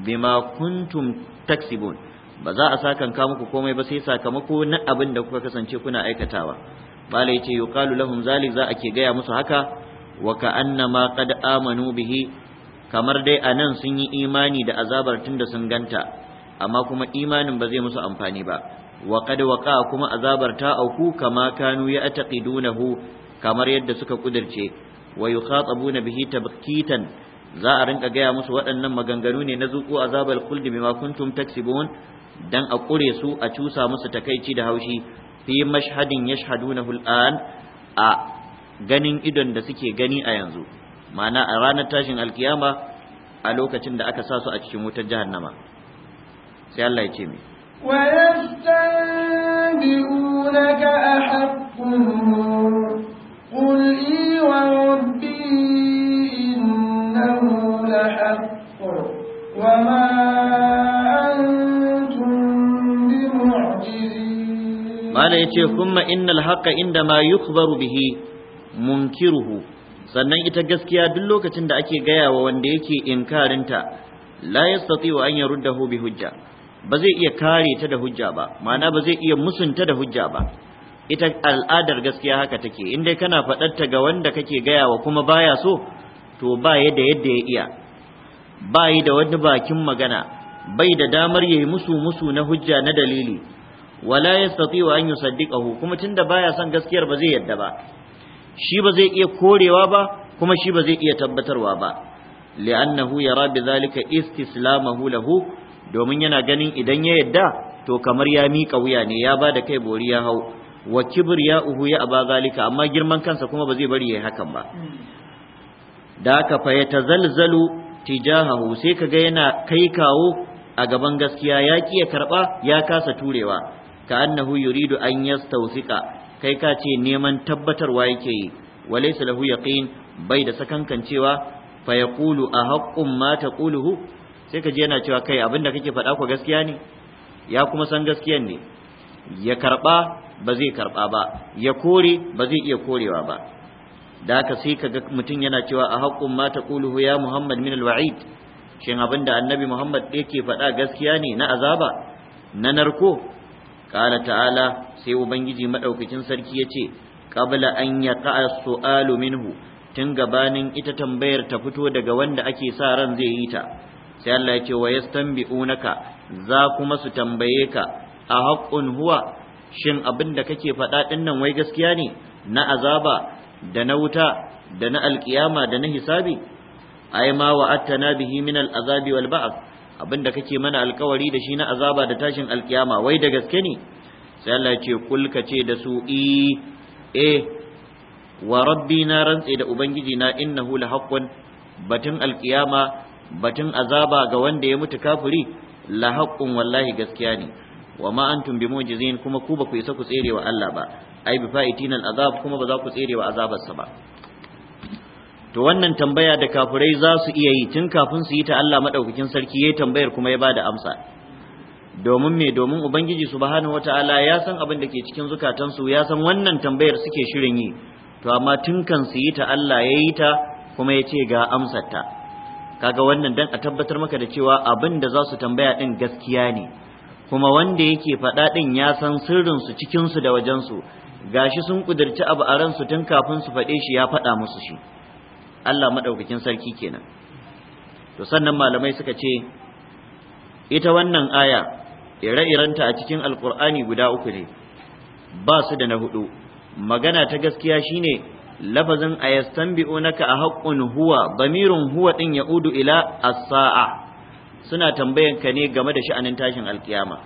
bima kuntum taksibun ba za a sakanka muku komai ba sai sakamako na abin da kuka kasance kuna aikatawa bala yace yuqalu lahum zalik za a ke gaya musu haka wa ka'annama qad amanu bihi kamar dai a nan sun yi imani da azabar tunda sun ganta amma kuma imanin ba zai musu amfani ba wa da waqa kuma azabar ta auku kama kanu ya'taqidunahu kamar yadda suka kudirce wa yukhatabuna bihi tabkitan za a rinka gaya musu waɗannan maganganu ne na zuku azabal khuld bima kuntum taksibun dan a ƙure su a cusa musu takaici da haushi fi mashhadin yashhadunahu Hul'an a ganin idon da suke gani a yanzu ma'ana a ranar tashin alkiyama a lokacin da aka sa su a cikin wutar jahannama sai Allah ya ce mai ويستنبئونك أحق قل إي وربي إنه لحق وما أنتم ما لا يتشي ثم إن الحق عندما يخبر به منكره sannan ita gaskiya duk lokacin da ake gaya wa wanda yake inkarinta la yastati'u an yaruddahu bi hujja ba zai iya kare ta da hujja ba ma'ana ba zai iya musunta da hujja ba ita al'adar gaskiya haka take in dai kana faɗar ta ga wanda kake gaya wa kuma baya so to ba da yadda ya iya ba yi da wani bakin magana bai da damar yayi musu musu na hujja na dalili wala yastati'u an yusaddiqahu kuma tunda baya son gaskiyar ba zai yadda ba shi ba zai iya korewa ba kuma shi ba zai iya tabbatarwa ba li'annahu yara zalika istislamahu lahu domin yana ganin idan ya yadda to kamar ya miƙa wuya ne ya ba da kai bori ya hau wa uhu ya aba zalika amma girman kansa kuma ba zai bari yayi hakan ba da ka fa tazalzalu tijahahu sai kaga yana kai kawo a gaban gaskiya ya kiya karba ya kasa turewa ka annahu yuridu an yastawsika kai ka ce neman tabbatarwa yake yi walaysa lahu yaqin bai da sakankan cewa, fa yaqulu a ma taquluhu sai ka je yana cewa kai abinda kake faɗa ko gaskiya ne ya kuma san gaskiyan ne ya karba ba zai karba ba ya kore ba zai iya korewa ba da haka sai kaga mutum yana cewa a haqqum ma taquluhu ya muhammad min alwa'id shin abinda annabi muhammad yake faɗa gaskiya ne na azaba na narko qala ta'ala sai ubangiji maɗaukacin sarki yace qabla an yaqa su'alu minhu tun gabanin ita tambayar ta fito daga wanda ake sa ran zai yi ta sai Allah yace wa yastanbi'unaka za kuma su tambaye ka a haqqun huwa shin abinda da kake faɗa ɗin nan wai gaskiya ne na azaba da na wuta da na alƙiyama da na hisabi ai ma wa'attana bihi min al-azabi wal ba'th abinda kake mana alkawari da shi na azaba da tashin alkiyama wai da gaske ne sai Allah ce kul ka ce da su i e, e wa rabbi na rantse da ubangiji na innahu la haqqun batun alkiyama batun azaba ga wanda ya mutu kafiri la haqqun wallahi gaskiya ne wa ma antum bimujizin kuma ku ba ku isa ku tserewa Allah ba ai bi fa'itinal azab kuma ba za ku tserewa azabarsa ba to wannan tambaya da kafurai za su iya yi tun kafin su yi ta Allah madaukakin sarki yi tambayar kuma ya ba da amsa domin me domin ubangiji su bahanu wataala ya san abin da ke cikin zukatansu ya san wannan tambayar suke shirin yi to amma tun kan su yi ta Allah ya yi ta kuma ya ce ga amsar ta kaga wannan dan a tabbatar maka da cewa abin da za su tambaya din gaskiya ne kuma wanda yake faɗa din ya san sirrin su cikin da wajen su gashi sun kudirci abu a ransu tun kafin su faɗe shi ya faɗa musu shi Allah madaukakin sarki kenan to sannan malamai suka ce ita wannan aya ire-irenta a cikin alkur'ani guda uku ne ba su da na hudu magana ta gaskiya shine lafazin onaka a haqqun huwa damirun huwa din ya'udu ila as-sa'a suna tambayan ka ne game da sha'anin tashin alkiyama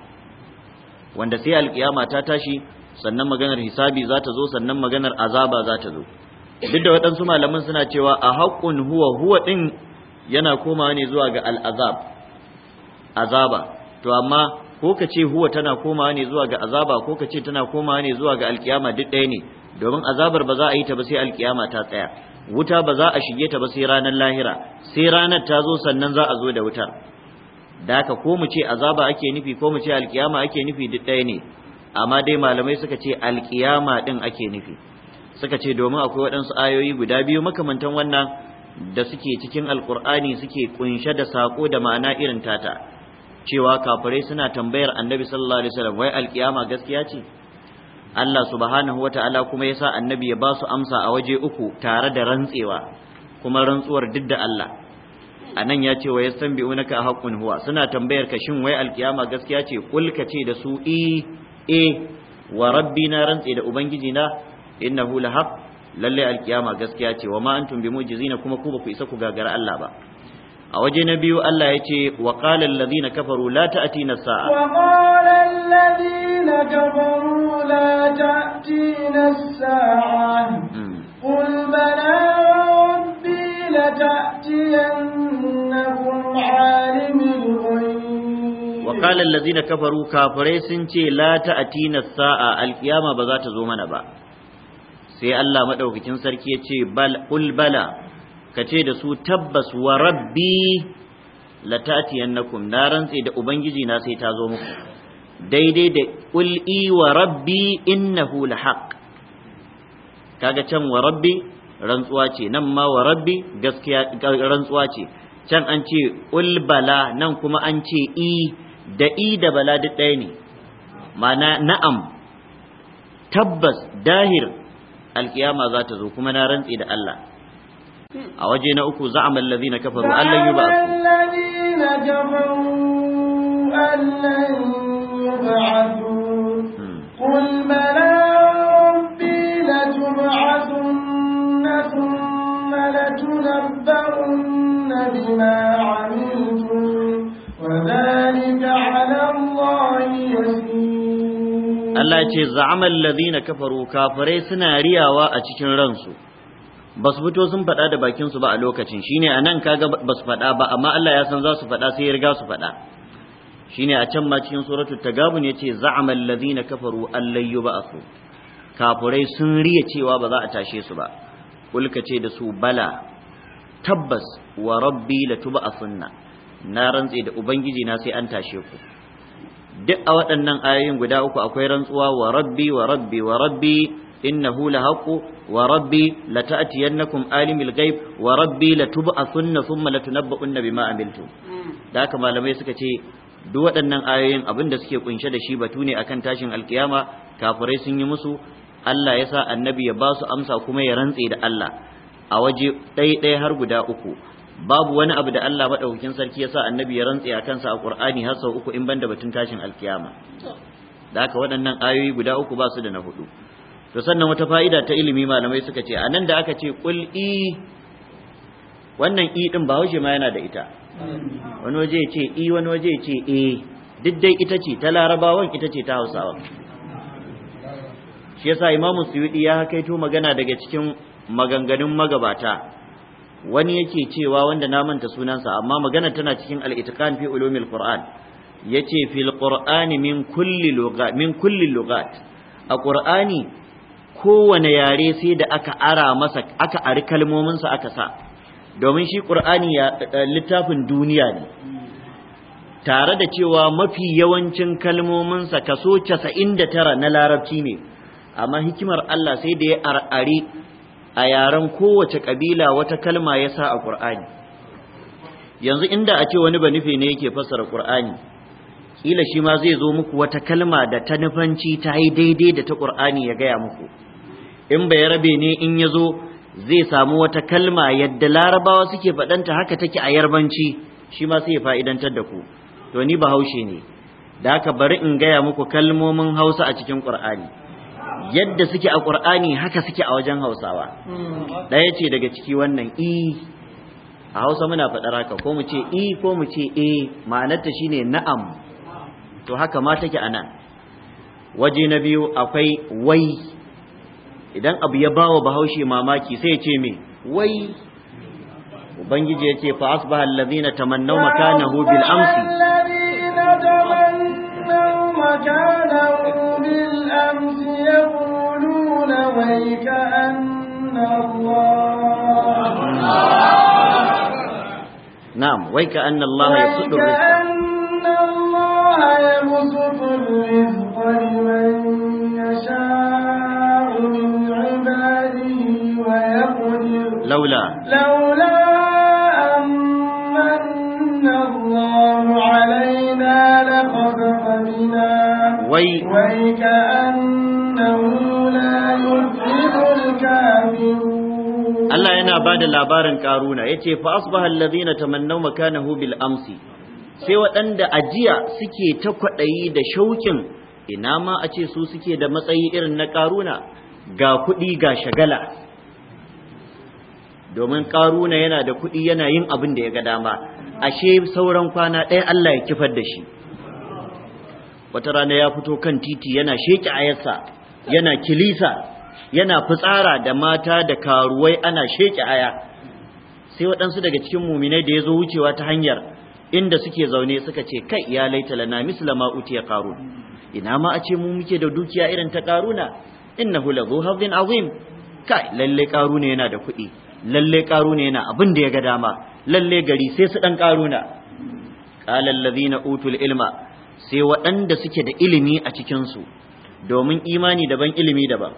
wanda sai alkiyama ta tashi sannan maganar hisabi za ta zo sannan maganar azaba za ta zo duk da waɗansu malaman suna cewa a haƙƙun huwa huwa ɗin yana komawa ne zuwa ga al'azab azaba to amma ko ka ce huwa tana komawa ne zuwa ga azaba ko ka ce tana komawa ne zuwa ga alƙiyama duk ɗaya ne domin azabar ba za a yi ta ba sai alƙiyama ta tsaya wuta ba za a shige ta ba sai ranar lahira sai ranar ta zo sannan za a zo da wutar da ko mu ce azaba ake nufi ko mu ce alƙiyama ake nufi duk ɗaya ne amma dai malamai suka ce alƙiyama ɗin ake nufi suka ce domin akwai waɗansu ayoyi guda biyu makamantan wannan da suke cikin alkur'ani suke kunshe da sako da ma'ana irin tata cewa kafirai suna tambayar annabi sallallahu alaihi wasallam wai alkiyama gaskiya ce Allah subhanahu wata'ala kuma yasa annabi ya basu amsa a waje uku tare da rantsewa kuma rantsuwar duk da Allah anan ya ce wa yastanbi'unaka haqqun huwa suna tambayar ka shin wai alkiyama gaskiya ce kul ce da su eh eh, wa rabbi na rantse da ubangiji na innahu lahaq lalle alkiyama gaskiya ce wa ma antum bimujizina kuma ku ba ku isa ku gagara Allah ba a waje na biyu Allah ya ce wa qala allazina kafaru la ta'tina sa'a wa qala kafaru la ta'tina sa'a qul bala rabbi la ta'tiyannakum 'alimul wa qala kafaru kafirai sun ce la ta'tina sa'a alkiyama ba za ta zo mana ba sai Allah madaukakin sarki ya ce bal qul bala kace da su tabbas wa rabbi latatiyannakum na rantse da ubangiji na sai ta zo muku daidai da qul i wa rabbi innahu lahaq kaga can wa rabbi rantsuwa ce nan ma wa rabbi gaskiya rantsuwa ce can an ce ul bala nan kuma an ce i da i da bala duk ɗaya ne ma'ana na'am tabbas dahir alkiyama za ta zo kuma na rantse da Allah a waje na uku za a kafaru na yub'athu allazina kafaru allan yub'athu hmm. qul bala rabbi latub'athunna thumma latunabbaunna Allah ce za'amal ladina kafaru kafirai suna riyawa a cikin ransu ba su fito sun faɗa da bakin su ba a lokacin shine anan kaga ba su faɗa ba amma Allah ya san za su faɗa sai ya riga su faɗa shine a can ma cikin suratul tagabun yace za'amal ladina kafaru allay yub'athu kafirai sun riya cewa ba za a tashe su ba kulka ce da su bala tabbas wa rabbi latub'athunna na rantse da ubangiji na sai an tashe ku duk a waɗannan ayoyin guda uku akwai rantsuwa wa rabbi wa rabbi wa rabbi innahu lahaqqu wa rabbi lata'tiyannakum alimul ghaib wa rabbi latub'athunna thumma latunabba'unna bima amiltum hmm. da haka malamai suka ce duk waɗannan ayoyin abin da suke kunshe da shi batu ne akan tashin alkiyama kafirai sun yi musu Allah ya sa annabi ya ba su amsa kuma ya rantse da Allah a waje ɗaya ɗaya har guda uku babu wani abu da Allah maɗaukakin sarki yasa annabi ya rantse a kansa a Qur'ani har sau uku in banda batun tashin alkiyama da haka waɗannan ayoyi guda uku ba su da na hudu to sannan wata fa'ida ta ilimi malamai suka ce nan da aka ce qul i wannan i din Bahaushe ma yana da ita wani waje ya ce i wani waje ya ce e duk dai ita ce ta larabawan ita ce ta hausawa shi yasa imamu suyudi ya hakaito magana daga cikin maganganun magabata wani yake cewa wanda na manta sunansa amma magana tana cikin al-itqan fi ulumil qur'an yace fil qur'ani min kulli lughat min kulli lughat a qur'ani kowane yare sai da aka ara masa aka ari kalmomin sa aka sa domin shi qur'ani eh, littafin duniya ne tare da cewa mafi yawancin kalmomin sa kaso 99 na larabci ne amma hikimar Allah sai da ya ar'ari a yaren kowace kabila wata kalma ya sa a ƙur'ani yanzu inda a ce wani ba nufi ne yake fassara ƙur'ani ƙila shi ma zai zo muku wata kalma da ta nufanci ta yi daidai da ta ƙur'ani ya gaya muku in bai rabe ne in ya zo zai samu wata kalma yadda larabawa suke faɗanta haka take a yarbanci shi ma sai fa'idantar da ku to ni bahaushe ne da haka bari in gaya muku kalmomin hausa a cikin ƙur'ani yadda suke a ƙur'ani haka suke a wajen hausawa ɗaya ce daga ciki wannan i e. a hausa muna faɗar haka ko mu ce i e ko mu ce e ma'anarta shine na'am to haka ma take a nan waje na biyu akwai wai idan abu ya bawa bahaushe mamaki sai ya ce me wai ubangiji ya ce fa asbaha allazina tamannaw makanahu bil amsi مكانا بالأمس يقولون ويك أن الله نعم ويك أن الله يصد الرزق wai Allah yana ba da labarin karuna yace ce fa asbaha allazina tamannaw makanahu bil amsi sai waɗanda ajiya suke ta kwaɗayi da shaukin ina ma a ce su suke da matsayi irin na karuna ga kuɗi ga shagala domin ƙaruna yana da kuɗi yana yin abin da ya ga dama ashe sauran kwana ɗaya Allah ya kifar da shi wata rana ya fito kan titi yana sheki ayarsa yana kilisa yana fitsara da mata da karuwai ana sheki aya sai waɗansu daga cikin muminai da ya zo wucewa ta hanyar inda suke zaune suka ce kai ya laita lana misla ma utiya qarun ina ma a ce mu muke da dukiya irin ta karuna inna hula zu hadin azim kai lalle karuna yana da kuɗi lalle karuna yana abin da ya ga dama lalle gari sai su ɗan karuna Ƙalallazi na utul ilma sai waɗanda suke da ilimi a cikinsu domin imani daban ilimi daban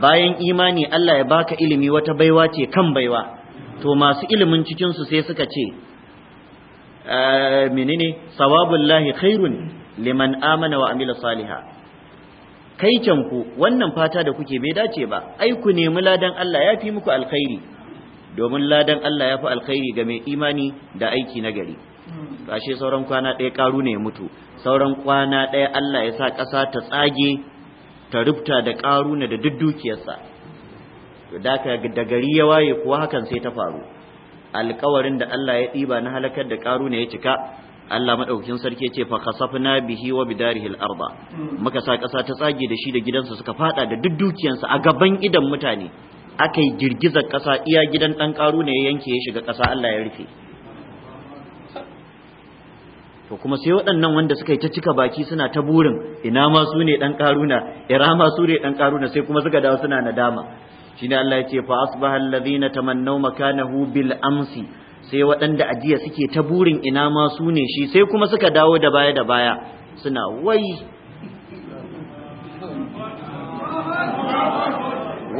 bayan imani Allah ya baka ilimi wata baiwa ce kan baiwa to masu ilimin cikinsu sai suka ce eh, menene lahi khairun liman amana wa amila saliha kai ku wannan fata da kuke bai dace ba ai ku nemi ladan Allah ya fi muku alkhairi domin ladan Allah ya fi alkhairi ga mai imani da aiki na gari to ashe sauran kwana ɗaya ƙaru ne ya mutu sauran kwana ɗaya Allah ya sa ƙasa ta tsage ta rubta da ƙaruna da duk dukiyarsa to da da gari ya waye kuwa hakan sai ta faru alƙawarin da Allah ya ɗiba na halakar da ne ya cika Allah maɗaukin sarki ce fa khasafna bihi wa bidarihi al-arda muka sa ƙasa ta tsage da shi da gidansa suka fada da duk dukiyarsa a gaban idan mutane akai girgizar ƙasa iya gidan ɗan karu ne ya yanke ya shiga ƙasa Allah ya rufe to kuma sai waɗannan wanda suka yi ta cika baki suna ta burin ina ma su ne dan karuna ira ma su ne dan karuna sai kuma suka dawo suna nadama shine Allah ya ce fa asbaha alladhina tamannaw makanahu bil amsi sai waɗanda ajiya suke ta burin ina ma su ne shi sai kuma suka dawo da baya da baya suna wai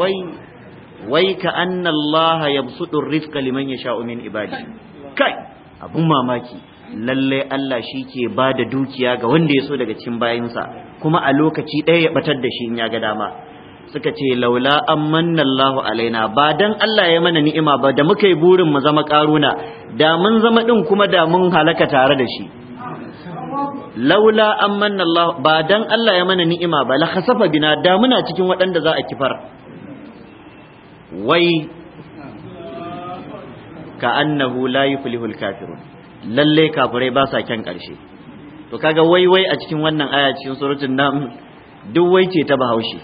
wai wai ka annallaha Allah yabsutu rizqa liman yasha'u min ibadi kai abun mamaki lalle Allah shi ke ba da dukiya ga wanda ya so daga cikin bayansa kuma a lokaci ɗaya ya batar da shi in ya ga dama suka ce laula an manna Allahu alaina ba dan Allah ya mana ni'ima ba da muka yi burin mu zama karuna da mun zama din kuma da mun halaka tare da shi laula an manna Allah ba dan Allah ya mana ni'ima ba la khasafa bina da muna cikin waɗanda za a kifar wai ka annahu la yuflihul kafirun lalle kafirai ba sa kyan karshe to kaga wai wai a cikin wannan aya cikin suratul nam duk wai ce ta bahaushe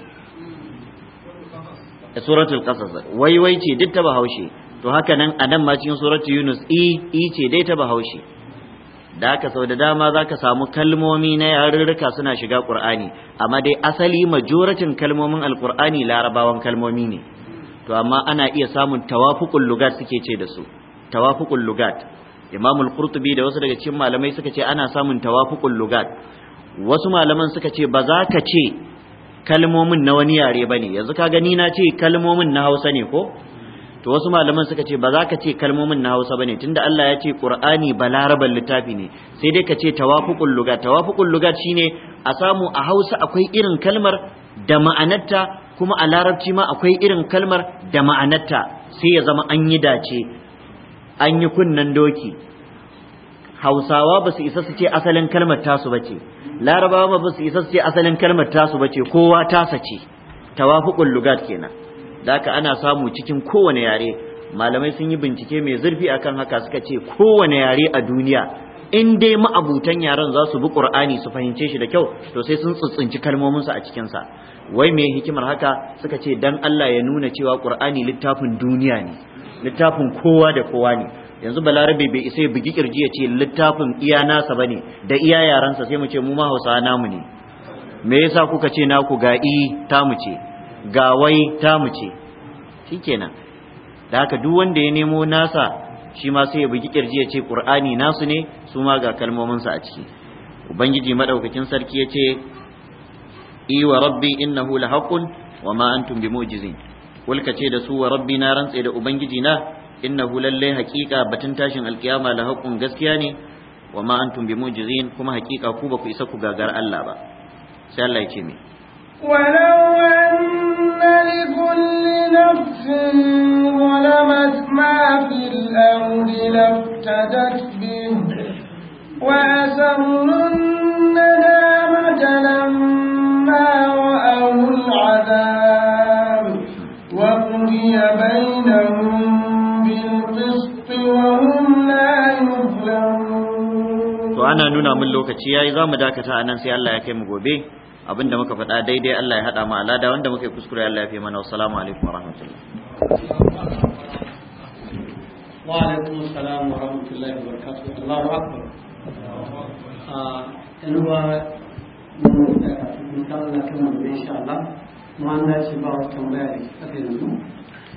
eh, suratul qasas wai wai ce duk ta bahaushe to haka nan a nan ma cikin suratul yunus i i ce dai ta bahaushe da haka sau da dama za ka samu kalmomi na yarurruka suna shiga ƙur'ani amma dai asali majoratin kalmomin alqur'ani larabawan kalmomi ne to amma ana iya samun tawafuqul lugat suke ce da su tawafukun lugat Imam al-Qurtubi da wasu daga cikin malamai suka ce ana samun tawafuqul lugat wasu malaman suka ce ba za ka ce kalmomin na wani yare bane yanzu ka gani na ce kalmomin na Hausa ne ko to wasu malaman suka ce ba za ka ce kalmomin na Hausa bane tunda Allah ya ce Qur'ani balaraban littafi ne sai dai ka ce tawafuqul lugat tawafuqul lugat shine a samu a Hausa akwai irin kalmar da ma'anarta kuma a larabci ma akwai irin kalmar da ma'anarta sai ya zama an yi dace an yi kunnen doki hausawa ba su isa su ce asalin kalmar tasu bace larabawa ba su isa su ce asalin kalmar tasu bace kowa tasa ce tawafuqul lugat kenan daka ana samu cikin kowane yare malamai sun yi bincike mai zurfi akan haka suka ce kowane yare a duniya in dai ma'abutan yaren za su bi qur'ani su fahimce shi da kyau to sai sun tsuntsunci kalmominsu a cikin sa wai mai hikimar haka suka ce dan Allah ya nuna cewa qur'ani littafin duniya ne littafin kowa da kowa ne yanzu balarabe bai isa ya bugi kirji ya ce littafin iya nasa bane da iya yaransa sai mu ce mu ma hausawa namu ne me yasa kuka ce naku ga i mu ce ga wai ta mu ce shikenan da haka duk wanda ya nemo nasa shi ma sai ya bugi kirji ya ce qur'ani nasu ne su ma ga kalmomin kalmominsa a ciki ubangiji madaukakin sarki ya ce i wa rabbi innahu lahaqqun wa ma antum bimu'jizin kulka ce da su wa rabbi na rantse da ubangiji na innahu hulallai haqiqa batun tashin alkiyama la haqqun gaskiya ne wa ma antum bimujizin kuma haqiqa ku ba ku isa ku gagar Allah ba sai Allah ya ce ولو أن لكل نفس ظلمت ما في الأرض لافتدت به وأسروا الندامة لما يقضي بينهم بالقسط وهم لا يظلمون to ana nuna min lokaci yayi zamu dakata anan sai Allah ya kai mu gobe abinda muka faɗa daidai Allah ya haɗa mu alada wanda muka kuskure Allah ya fi mana wassalamu alaikum wa warahmatullahi wa alaikum assalam wa rahmatullahi wa barakatuh Allahu akbar ah, yan uwa mun tsaya mun tsaya kan mu insha Allah mu an dace ba wata tambaya da kake da mu